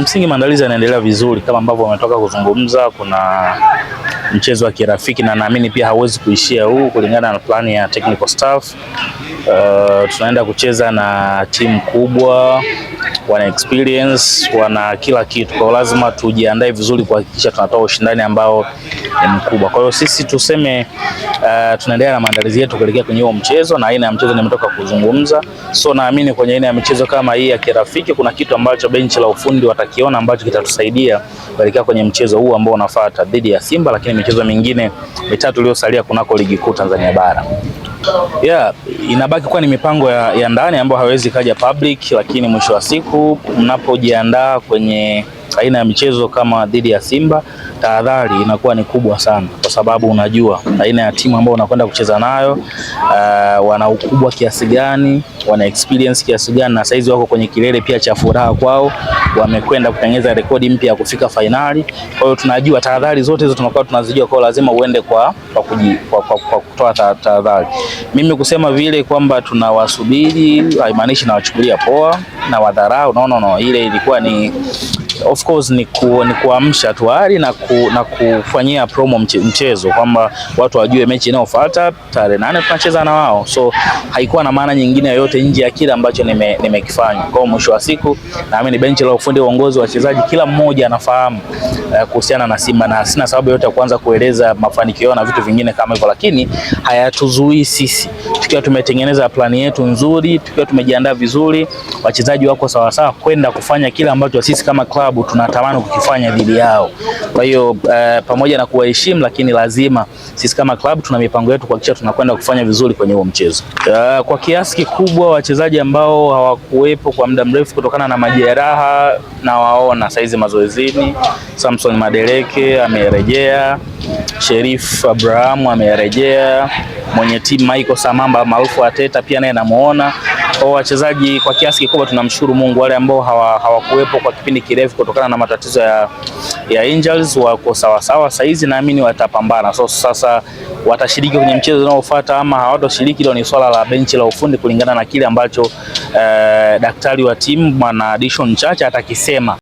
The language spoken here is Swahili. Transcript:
kimsingi maandalizi yanaendelea vizuri kama ambavyo umetoka kuzungumza. Kuna mchezo wa kirafiki na naamini pia hauwezi kuishia huu kulingana na plani ya technical staff. Uh, tunaenda kucheza na timu kubwa wana experience, wana kila kitu, kwa lazima tujiandae vizuri kuhakikisha tunatoa ushindani ambao ni mkubwa. Kwa hiyo sisi tuseme uh, tunaendelea na maandalizi yetu kuelekea kwenye huo mchezo, na aina ya mchezo nimetoka kuzungumza, so naamini kwenye aina ya michezo kama hii ya kirafiki kuna kitu ambacho benchi la ufundi watakiona ambacho kitatusaidia kuelekea kwenye mchezo huu ambao unafuata dhidi ya Simba, lakini michezo mingine mitatu iliyosalia kunako ligi kuu Tanzania bara. Yeah, inabaki kuwa ni mipango ya, ya ndani ambayo hawezi kaja public, lakini mwisho wa siku mnapojiandaa kwenye aina ya michezo kama dhidi ya Simba, tahadhari inakuwa ni kubwa sana, kwa sababu unajua aina ya timu ambayo unakwenda kucheza nayo, uh, wana ukubwa kiasi gani, wana experience kiasi gani, na saizi wako kwenye kilele pia cha furaha kwao, wamekwenda kutengeneza rekodi mpya ya kufika fainali. Kwa hiyo tunajua tahadhari zote hizo tunakuwa tunazijua, kwa lazima uende kwa, kwa, kwa, kwa, kwa kutoa tahadhari. Mimi kusema vile kwamba tunawasubiri haimaanishi nawachukulia poa na wadharau, no, no, no, ile ilikuwa ni of course ni, ku, ni kuamsha tu hali na, ku, na kufanyia promo mche, mchezo kwamba watu wajue mechi inayofuata tarehe nane tunacheza na wao, so haikuwa na maana nyingine yoyote nje ya kile ambacho nimekifanya nime. Kwa mwisho wa siku, naamini benchi la ufundi, uongozi wa wachezaji, kila mmoja anafahamu uh, kuhusiana na Simba na sina sababu yote ya kuanza kueleza mafanikio na vitu vingine kama hivyo, lakini hayatuzuii sisi tukiwa tumetengeneza plani yetu nzuri, tukiwa tumejiandaa vizuri, wachezaji wako sawasawa kwenda kufanya kile ambacho sisi kama club klabu tunatamani kukifanya dhidi yao. Kwa hiyo uh, pamoja na kuwaheshimu, lakini lazima sisi kama klabu tuna mipango yetu kuhakikisha tunakwenda kufanya vizuri kwenye huo mchezo. Uh, kwa kiasi kikubwa wachezaji ambao hawakuwepo kwa muda mrefu kutokana na majeraha na waona saizi mazoezini, Samson Madeleke amerejea, Sherif Abrahamu amerejea, mwenye timu Michael Samamba maarufu Ateta pia naye namuona kwa wachezaji kwa kiasi kikubwa tunamshukuru Mungu, wale ambao hawakuwepo hawa kwa kipindi kirefu kutokana na matatizo ya, ya injuries wako sawa sawa sasa hizi, naamini watapambana. So sasa watashiriki kwenye mchezo unaofuata ama hawatoshiriki, ndio ni swala la benchi la ufundi kulingana na kile ambacho eh, daktari wa timu bwana Dishon Chacha atakisema.